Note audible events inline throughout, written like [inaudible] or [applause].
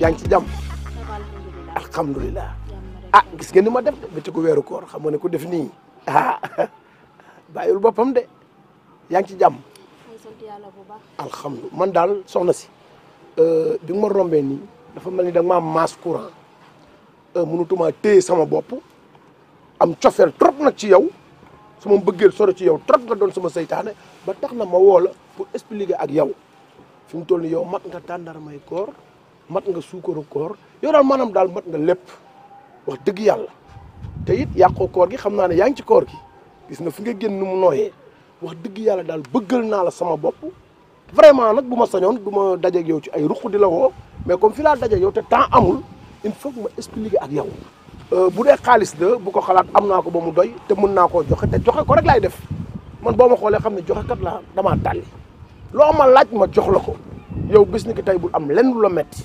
Yang ngi ci jàmm alhamdulilah ah gis ngeen ni ma def de bëccëgu weeru koor xam nga ku def ni [laughs] ah bàyyul boppam de yaa ngi ci jàmm alhamdulilah man daal soxna si euh, bi nga ma rombee ni dafa mel ni da nga maa maas courant euh, mënutuma sama bopp am cofeel trop nak ci yow sama mbëggeel sore ci yow trop nga doon sama seytaane ba tax na ma woo la pour expliquer ak yow fi mu toll nii yow mag nga tàndar may koor mat nga suukaru koor yow daal maanaam daal mat nga lépp wax dëgg yàlla te it yàqoo koor gi xam naa ne yaa ngi ci koor gi gis nga fi nga génn mu nooyee wax dëgg yàlla daal bëggal naa la sama bopp vraiment nag bu ma sañoon du ma dajeeg yow ci ay ruq di la woo mais comme fi laa dajeeg yow te temps amul il faut que ma expliquer ak yow euh, bu dee xaalis la bu ko xalaat am naa ko ba mu doy te mën naa koo joxe te joxe ko rek laay def man boo ma xoolee xam ne joxe kat damaa tàlli loo ma laaj ma jox la ko yow bis ni ki tey bul am lenn lu la metti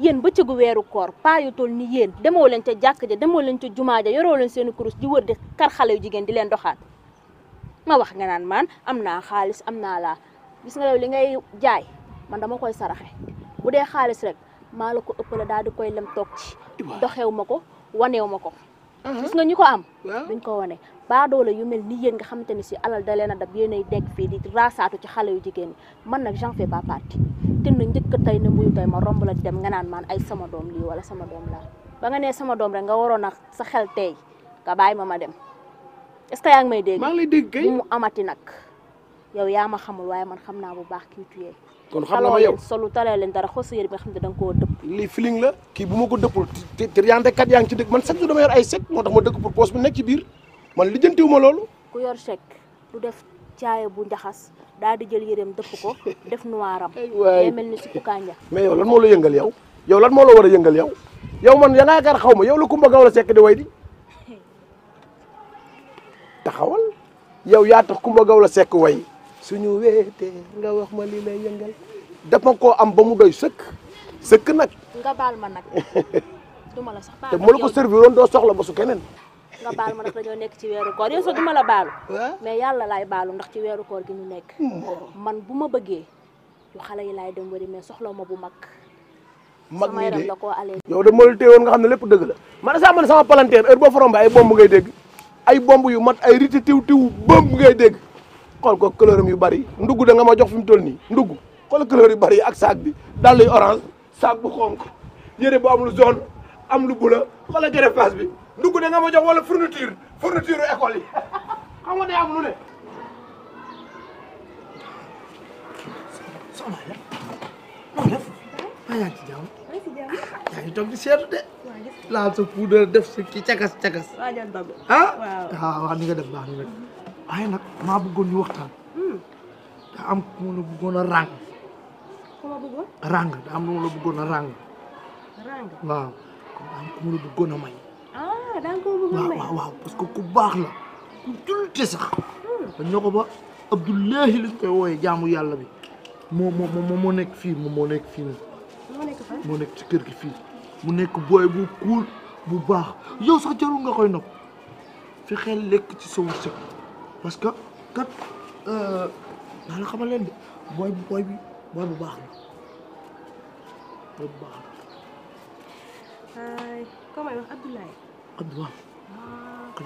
yéen bëccëgu weeru koor paa yu toll ni yéen demoo leen ca jàkk ja demoo leen ca jumaa ja yoroo leen seeni kurus di wër di kar xale yu jigéen di leen doxaan ma wax nga naan maan am naa xaalis am naa laa gis nga li ngay jaay man dama koy saraxe bu dee xaalis rek maa la ko ëppale daal di koy lem toog ci doxew ma ko waneew ma ko gis nga ñu ko am duñ ko wane baadoole yu mel ni yéen nga xamante ni si alal da leen a dab yéen ay dégg fii di raasaatu ci xale yu jigéen ñi man nag j'en fais dënd njëkk tay na muy tay ma romb la dem nga naan man ay sama dom li wala sama dom la ba nga né sama dom rek nga waroon sa xel tay ka bay ma ma dem est-ce yaang may dégg. ma ngi lay dégg kay mu amati nak yow yaa ma xamul waye man xamna bu baax ki tuyé kon xam ma yow solo talé len dara xoss yeur bi nga xam da nga koo dëpp. feeling la ki bu mako deppul dëppul te te kat yaang ci dëkk man sax du dama yor ay chèque motax mo dëkk pour poche bi nekk ci bir man ma lolu ku yor chèque du def caaya bu njaxas daal di jël yéreem dëpp ko def noiram waay mel ni mais yow lan moo la yëngal yow yow moo la war a yëngal yow yow man ya ngaa gar xaw ma yow la Kumba Gawlo Sekk di way di [laughs] taxawal yow yaa tax Kumba gaw la Sekk way suñu weetee nga wax ma lii lay yëngal dafa koo am ba mu doy sëkk sëkk nag nga baal ma [laughs] la sax te mu la ko servir woon doo soxla ba su keneen nga baal ma ndax dañoo nekk ci weeru koor yow sax la baalu mais yàlla laay baalu ndax ci weeru koor gi ñu nekk man bu ma yu xale yi laay dem wari mais soxla bu mag mag ñi de yow de molu téewoon nga la man man sama heure ay bomb ngay dégg ay bomb yu mat ay riti tiw tiw bomb ngay dégg ko couleuram yu bari ndugg da nga ma jox fi toll nii couleur yu bari ak saag bi dàll orange saag bu xonk yére bu am lu jaune am lu face bi ndugg de nga ma jox wala fourniture fourniture école yi [laughs] xam nga day am lu ne. sama ya moo def maa yaa ci jaw yaa ci toog di seetu de la sa poudre def ci ci sa kii wa cakas ah waaw wa ni nga def bax ni nak ay nak ma bëggoon ñu waxtaan hmm. daa am ku ma la bëggoon a ràng ràng daa am lu ma la bëggoon rang. ràng waaw am ko ma la bëggoon a may ah daa ko bëgg a may waaw waaw parce que ku baax la ku jullite sax. dañ na ko ba Abdoulahi lañ koy wooyee jaamu yàlla bi moo moo moo nekk fii moom moo nekk fii nii. moo nekk ci kër gi fii mu nekk booy bu kuul bu baax yow sax jarul nga koy nopp fi xel lekk ci sa wërsëg parce que kat naa la xamal leen de booy bu booy bi booy bu baax la booy bu baax la. koo may wax Abdoulaye. comme ah.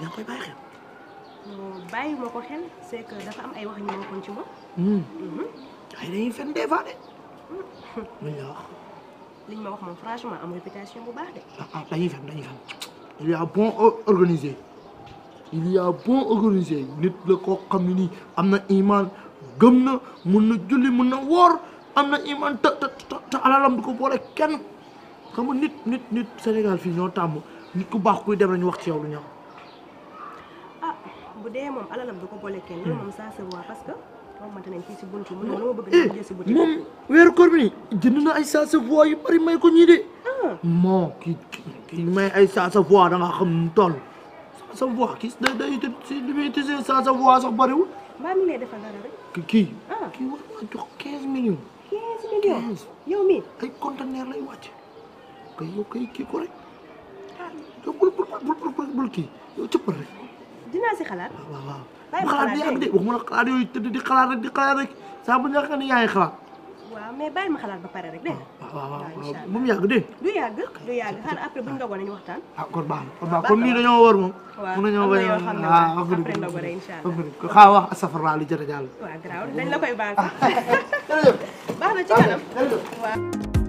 c'est que dafa am ay wax ci ay hmm. mhm. dañuy des fois hmm. franchement am réputation bu baax il ah, ah dañuy dañuy organisé. il y a bon organisé il y a bon organisé nit y a, iman julli iman ta ta ta bon organisé. ko y a nit nit nit Sénégal ñoo nit ku baax kuy dem ñu wax ci yow lu ñaaw. Ah, bu dee moom alalam du ko boole kenn loolu moom ça se parce que xamante nañ mu ne lu ma bëgg a jël si buntu moom weeru koor bi jënd na ay ça se voit yu bari may ko ñii de. Ah. moo kii kii may ay ça se voit da nga xam nu mu toll. ça se voit kii day li muy utilisé ça se voit sax bariwul. maa ngi lay defal kii. kii ah. war naa jox 15 millions. 15 lay wàcc. kay bul bul bul bul kii yow cëppal rek. dinaa si xalaat. waaw waaw bu xalaat di yàgg de waxuma la xalaat yooyu tëdd di xalaat rek di xalaat rek saa bu nekk ne yaa ngi xalaat. waaw mais bàyyi ma xalaat ba pare rek de. Ah, waaw waaw waaw bu mu yàgg de. du yàgg du yàgg xanaa après bu ñu dogoon nañu waxtaan. ah kon baax na kon nii dañoo war moom. waaw am na yoo xam ne ah, waaw après ndogu rek incha allah. xaaral wax asafurlah li jot a jàll. waaw garaaw dañ la koy baax. jërëjëf ah. [laughs] baax na ci kanam waaw.